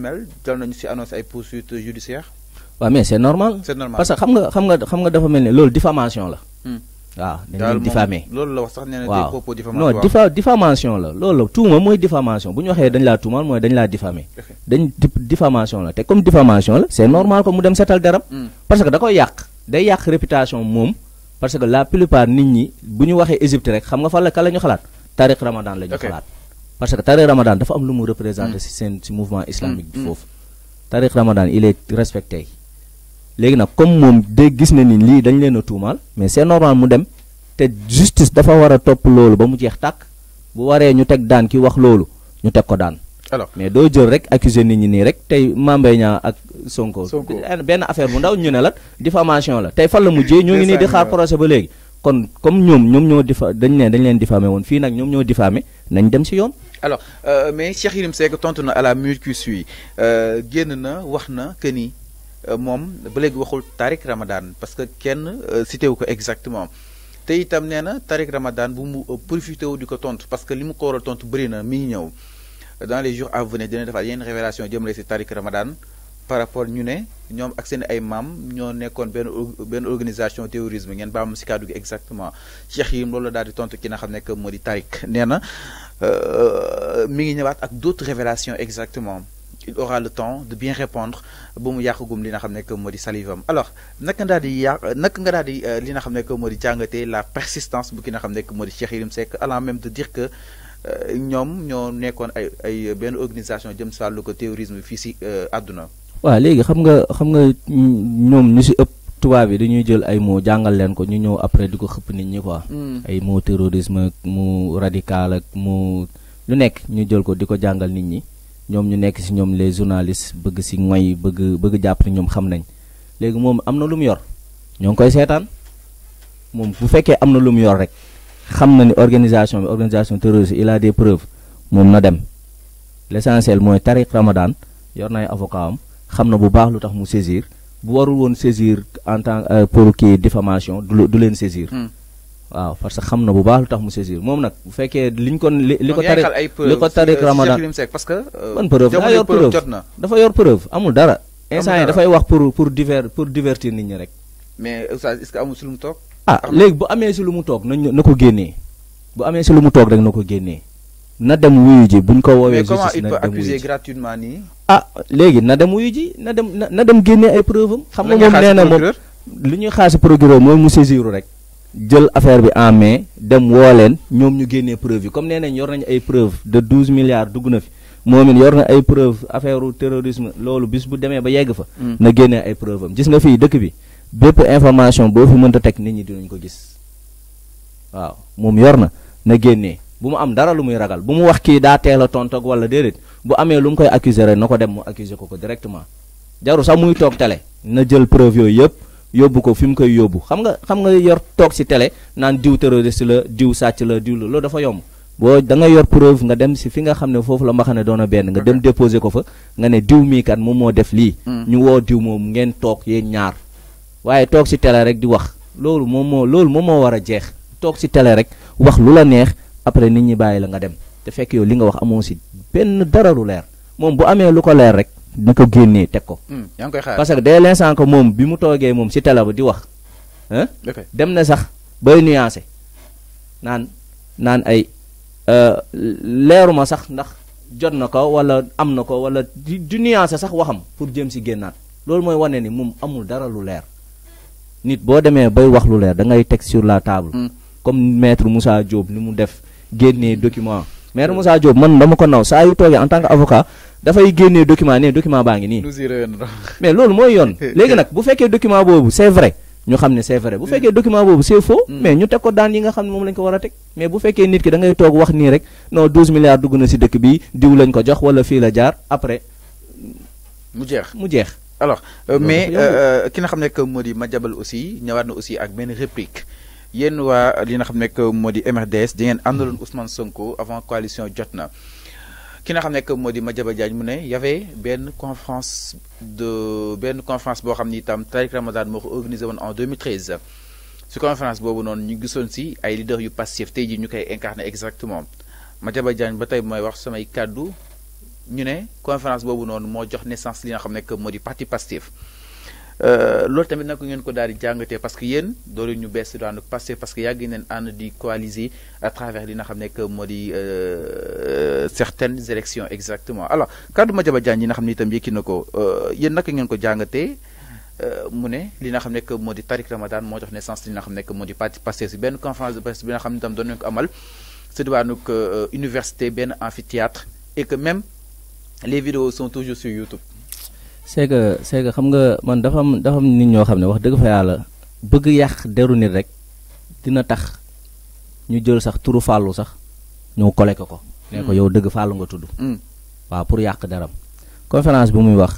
mel dal nañu ci annonce ay poursuites judiciaires. waaw mais c'est normal. c'est normal parce que xam nga xam nga dafa mel ne loolu diffamation la. Hmm. waaw dañ laa dañ diffamation la te comme diffamation la c'est normal que mu dem setal deram hmm. parce que da koy yàq day yàq réputation moom parce que la plupart nit ñi bu ñu waxee Égypte rek xam nga fan la ka la xalaat. Tariq Ramadan la xalaat. parce que tariq ramadan dafa am lu mu si mm. seen si mouvement mm. islamique bi mm. foofu tariq ramadan il est respecté léegi nag comme moom de gis na ni lii dañ leen a tuumaal mais c'est normal mu dem te justice dafa war a topp loolu ba mu jeex tàkk bu waree ñu teg daan ki wax loolu ñu teg ko daan alors mais doo jël rek accuser nit ñi nii rek tey Mambay Niang ak Sonko benn affaire bu ndaw ñu ne la diffamation la tey fan la mujjee ñoo ngi nii di xaar procès ba léegi kon comme ñoom ñoom ñoo difa dañ ne dañ leen diffamé woon fii nag ñoom ñoo diffamé nañ dem si yoon alors euh, mais Cheikh Yérim Seck tontu na à la minute qui suit euh, génn na wax na que ni euh, moom ba léegi waxul Tariq Ramadan parce que kenn euh, cité wu ko exactement te itam nee na Tariq Ramadan bu mu profité wu di ko tontu parce que li mu ko war tontu bëri na mi ngi ñëw dans les jours à venir dina defaat yenn révélation jëmale si Tariq Ramadan. par rapport ñu ne ñoom ak seen ay maam ñoo nekkoon benn benn organisation terrorisme ngeen baam si kàddu gi exactement Cheikh Yérim loolu daal di tontu ki nga xam nekk moo di Tariq nee na euh, mi ngi ñëwaat ak d'autres révélations exactement il aura le temps de bien répondre ba mu yàqugum li na xam nekk moo di salivam alors naka nga daal di yàq naka nga daal di euh, li na xam nekk moo di jàngatee la persistance bu ki nga xam nekk moo di Cheikh Yérim Seck allant même de dire que euh, ñoom ñoo nekkoon ay ay benn organisation jëm si wàllu ko terrorisme fii si àdduna waaw léegi xam nga xam nga ñoom ñu si ëpp tubaab yi dañuy jël ay moo jàngal leen ko ñu ñëw après di ko xëpp nit ñi quoi. Hmm. ay mots terrorisme ak mu radical ak mu lu nekk ñu jël ko di ko jàngal nit ñi ñoom ñu nekk si ñoom les journalistes bëgg si moy bëgg bëgg jàpp ni ñoom xam nañ léegi moom am na lu mu yor ñoo ngi koy seetaan moom bu fekkee am na lu mu yor rek xam na ni organisation bi organisation terroriste il a des preuves moom na dem l' essentiel mooy Tariq yor na ay xam na bu baax lu tax mu saisir bu warul woon saisir en tant euh, pour kii diffamation du du leen saisir. Hmm. waaw parce que xam na bu baax lu tax mu saisir moom nag bu fekkee liñ ko li ko. tari li ko tari euh, Ramadan parce que. Euh, ban preuve daa yor preuve dafa yor preuve amul dara. instant yi dafay wax pour pour diver pour divertir nit ñi rek. mais oustaz est-ce que amul si lu mu toog. ah léegi bu amee si lu mu toog nañ na ko génnee bu amee si lu mu toog rek na ko génnee. na dem wuyu ji ñu ko woowee. justice mais comment gratuitement nii. ah léegi na dem wuyu ji na dem na dem génne ay preuve am. xam nga moom na moom ñuy xaar si procureur mooy mu saisir rek. jël affaire bi en main dem woo leen ñoom ñu génnee preuve yi comme nee nañ yor nañu ay preuve de douze milliards dugg na fi moom it yor na ay preuve affaire terrorisme loolu bis bu demee ba yegg fa. Hmm. na génnee ay preuve gis nga fii dëkk bi bépp information boo fi mënta teg nit ñi dinañ ko gis waaw moom yor na na génnee. bu mu am dara lu muy ragal bu mu wax kii daa teel a tontoog wala déedéet bu amee lu mu koy accuser rek na ko dem mu accuser ko ko directement jaru sax muy toog télé na jël preuve yooyu yëpp yóbbu ko fi mu koy yóbbu xam nga xam nga yor toog si télé naan diw terroriste la diw sàcc la diw la loolu dafa yomb boo da nga yor preuve nga dem si fi nga xam ne foofu la mbaxane doon a benn nga dem déposer ko fa nga ne diw miikat kat moom moo def lii mm. ñu woo diw moom ngeen toog yéen ñaar waaye toog si tele rek di wax loolu moom moo loolu moom moo war a jeex toog si télé rek wax lu la neex après nit ñi bàyyi la nga dem te fekk yow li nga wax amoo si benn dara lu leer moom bu amee lu ko leer rek di ko génnee teg ko. Hmm, yaa ngi parce que dès l'instant que moom bi mu toogee moom si télé di wax. dem na sax bay nuancé naan naan ay euh, leeruma sax ndax jot na ko wala am na ko wala di di nuancé sax waxam pour jëm si génnaat loolu mooy wane ni moom amul dara lu leer. nit boo demee bay wax lu leer da ngay teg sur la table. Hmm. comme metre Moussa jóob ni mu def. génne document maire Moussa Diop man dama ko naw saa yu toogee en tant que avocat dafay génnee document ne document baa ngi nii mais loolu mooy yoon léegi nag bu fekkee document boobu c'est vrai ñu xam ne c'est bu mm. fekkee document boobu c'est faux mm. mais ñu teg ko daan yi nga xam ne moom lañ ko war a teg mais bu fekkee nit ki da ngay toog wax nii rek non 12 milliards dugg na si dëkk bi diw lañ ko jox wala fii la jaar après mu jeex mu jeex alors euh, mais euh, euh, ki xam ne que moo di Madiambal aussi ñëwaat aussi ak benn réplique yéen waa li nga xam nekk moo di MRDS di ngeen àndaloon Ousmane Sonko avant coalition jot na ki nga xam nekk moo di Madiaba jaañ mu ne y benn conférence de benn conférence boo xam ni itam Tariq Ramadan moo ko organisé woon en 2013 su conférence boobu noonu ñu gisoon si ay leaders yu passif tey jii ñu koy incarné exactement Madiaba Diagne ba tey mooy wax samay kàddu ñu ne conférence boobu noonu moo jox naissance li nga xam nekk moo di parti passif. Euh, loolu tamit nag ngeen ko daal di jàngatee parce que yéen doolu ñu bees du ànd passé parce que yàgg neen ànd di coaliser à travers li nga xam nekk moo di euh, certaines élections exactement alors kaddu Madiambal Diagne yi nga xam ne itam yëkki na ko euh, yéen naka ngeen ko jàngatee mu ne li nga xam nekk moo di Tariq Ramadan moo jox naissance li nga xam nekk moo di parti Pastef si benn conférence de bi nga xam ne doon nañu amal si université benn amphithéâtre que même les vidéos sont toujours sur YouTube c'est que xam nga man dafa am dafa nit ñoo xam ne wax dëgg fa yàlla bëgg yàq deru nit rek dina tax ñu jël sax turu fàllu sax ñoo kole ko ko. ne ko hmm. yow dëgg fàllu nga tudd. Hmm. waaw pour yàq deram conférence bi muy wax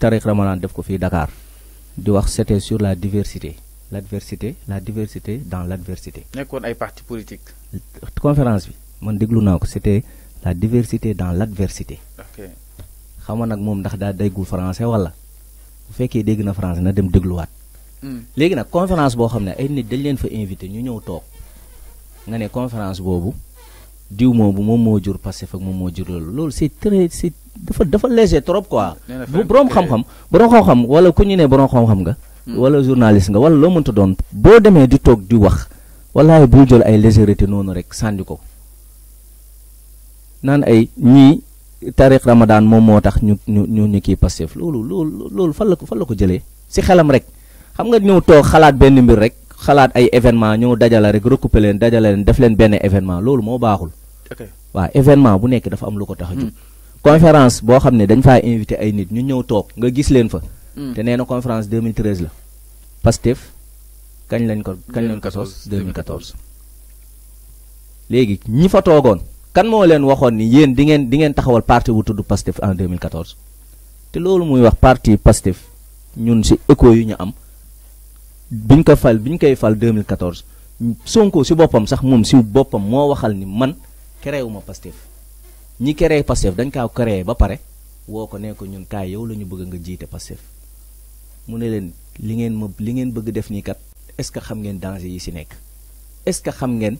Tariq Ramadan def ko fii Dakar di wax c'était sur la diversité l'adversité la diversité dans la l'adversité. nekkoon ay partis politiques. conférence bi man déglu naa ko c'était la diversité dans l'adversité. ok xam nga moom ndax daa déggul français wala bu fekkee dégg na france na dem dégluwaat. Hmm. léegi nag conférence boo xam ne ay nit dañ leen fa invité ñu ñëw toog nga ne conférence boobu diw moomu moom moo jur Pastef ak moom moo jur loolu loolu c'est très c'est dafa dafa léger trop quoi. Hmm. bu borom xam-xam xam wala ku ñu ne borom xam-xam nga. Hmm. wala journaliste nga wala loo mënta doon. boo demee di toog di wax walaay bul ay légèreté noonu rek sànni ko Tariq Ramadan moom moo tax ñu ñu ñu ñu kii Pastef loolu loolu loolu fan la ko fan la ko jëlee si xelam rek xam nga ñëw toog xalaat benn mbir rek xalaat ay événement ñëw dajala rek recouper leen dajala leen def leen benn événement loolu moo baaxul. waaw événement bu nekk dafa am lu ko tax a jóg. Hmm. conférence boo xam ne dañ faa invité ay nit ñu ñëw toog nga gis leen fa. Hmm. te nee na conférence 2013 la. Pastef kañ lañ ko kañ lañ ko sos 2014. léegi ñi fa toogoon. kan moo leen waxoon ni yéen di ngeen di ngeen taxawal parti bu tudd Pastef en 2014 te loolu muy wax parti Pastef ñun si écho yu ñu am biñ ko fal bi ñu koy fal deux 2014 Sonko si boppam sax moom si boppam moo waxal ni man créé wu ma Pastef ñi créé Pastef dañ kaa créé ba pare woo ko nekk ko ñun kaay yow la ñu bëgg nga jiite Pastef mu ne leen li ngeen ma li ngeen bëgg def nii kat est-ce que xam ngeen danger yi si nekk est-ce que xam ngeen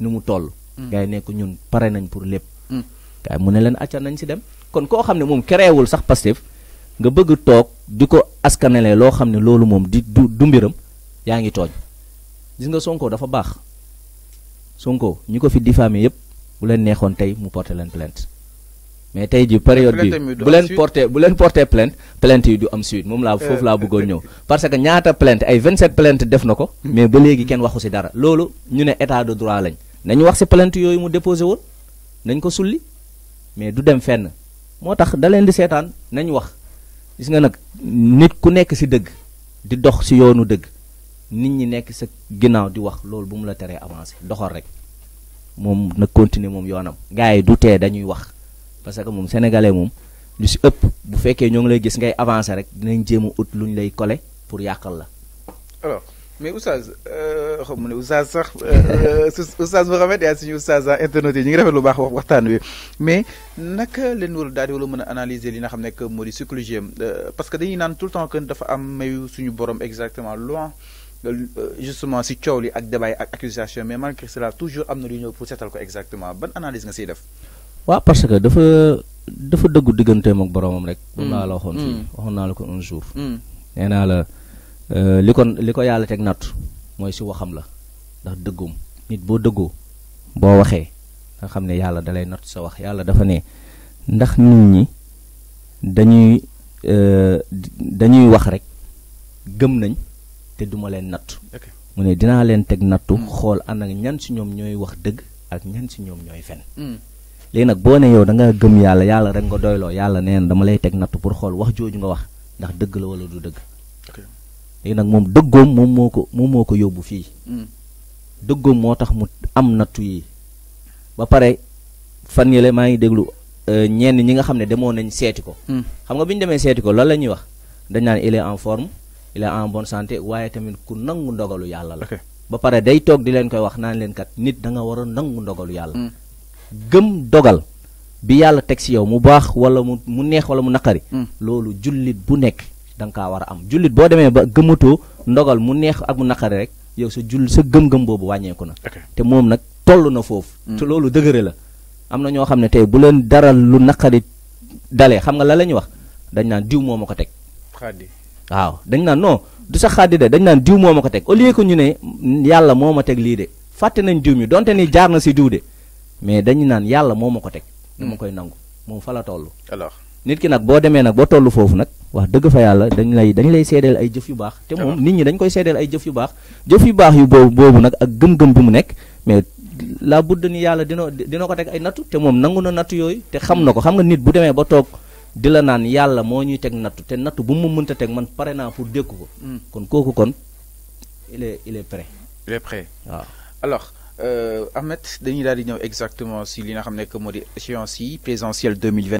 nu mu toll. ngay mm. nekk ñun pare nañ pour lépp. Mm. gars mu ne leen acca nañ si dem. kon koo xam ne moom créewul sax Pastef nga bëgg toog di ko askanelee loo xam ne loolu moom di du du mbiram yaa ngi tooñ. gis nga sonkoo dafa baax Sonko ñi ko fi diffamé yëpp bu leen neexoon tey mu porté leen plainte mais tey ji période bi bu leen porté bu leen porté plainte plainte yi du am suite moom laa foofu laa bëggoon ñëw parce que ñaata plainte ay 27 plainte def na ko mais ba léegi kenn waxu si dara loolu ñu ne état de droit lañ nañu wax si plainte yooyu mu déposé woon nañ ko sulli mais du dem fenn moo tax da leen di seetaan nañu wax gis nga nag nit ku nekk si dëgg di dox si yoonu dëgg nit ñi nekk sa ginnaaw di wax loolu bu mu la teree avancé doxal rek moom nag continuer moom yoonam gars yi du tee dañuy wax parce que moom sénégalais moom lu si ëpp bu fekkee ñoo ngi lay gis ngay avancé rek dinañ jéem ut lu ñu lay kole pour yàqal la mais oustaz euh, xam mu ne oustaz sax euh, euh, oustaz Mohamed yaa suñu oustaz internet yi ñu ngi rafet lu baax wax waxtaan wi mais naka leen war daal di wala mën a analyser li na xam nekk moo di psychologie parce que dañuy naan tout le temps que dafa am mayu suñu borom exactement loin justement si coow li ak débat yi ak accusation mais malgré cela toujours am na lu ñëw pour seetal ko exactement ban analyse nga siy def. waa parce que dafa dafa dëggu digganteem ak boromam rek. mun hmm. naa la waxoon hmm. waxoon naa la ko un jour. Hmm. naa Euh, li ko li ko yàlla teg natt mooy si waxam la ndax dëggoom nit boo dëggoo boo waxee nga xam ne yàlla dalay natt sa wax yàlla dafa ne ndax nit ñi dañuy euh, dañuy wax rek gëm nañ te duma leen natt mu ne dinaa leen teg nattu hmm. xool ak ñan si ñoom ñooy wax dëgg ak ñan si ñoom ñooy fen hmm. léegi nag boo ne yow da gëm yàlla yàlla rek nga doyloo yàlla nee dama lay teg nattu pour xool wax jooju nga wax ndax dëgg la wala du dëgg léegi nag moom dëggoom moom moo ko moom moo ko yóbbu fii hmm. dëggoom moo tax mu am nattu yi ba pare fan yële maa ngi déglu euh, ñenn ñi nga xam ne demoon nañ seeti ko hmm. xam nga bi ñu demee seeti ko loolu la ñuy wax dañ naan il en forme il en bonne santé waaye tamit ku nangu ndogalu yàlla la ba pare day toog di leen koy wax naan leen kat nit danga nga war a nangu ndogalu yàlla hmm. gëm dogal bi yàlla teg si yow mu baax wala mu mu neex wala mu naqari loolu jullit bu nekk da nga war a am jullit boo demee ba gëmatoo ndogal mu neex ak mu naqari rek yow sa jull sa gëm-gëm boobu wàññeeku na. te moom nag toll na foofu. Mm. te loolu dëgëre la. am na ñoo xam ne tey bu leen dara lu naqari dalee xam nga la la ñuy wax dañ naan diw moo ma ko teg. waaw dañ naan noo du sax xaadi de dañ naan diw moom ma ko teg au lieu que ñu ne yàlla moo ma teg lii de fàtte nañ diw mi donte ni jaar na si diw de mais dañu naan yàlla moo ma ko teg. Mm. dama koy nangu moom fa la toll. nit ki nag boo demee nag ba toll foofu nag wax dëgg fa yàlla dañ lay dañ lay seedeel ay jëf yu baax te moom ah. nit ñi dañ koy seedeel ay jëf yu baax jëf yu baax yu boobu boobu nag ak gëm-gëm bi mu nekk mais la budd ni yàlla dina dina ko teg ay nattu te moom nangu na nattu yooyu te xam na ko xam nga nit bu demee ba toog di la naan yàlla moo ñuy teg nattu te nattu bu mu mënta teg man pare naa pour dékku ko hmm. kon kooku kon il est il est prêt il est prêt waaw alors euh, Ahmed dañuy daal di li nga xam ne que moo di échéance yi présidentielle 2020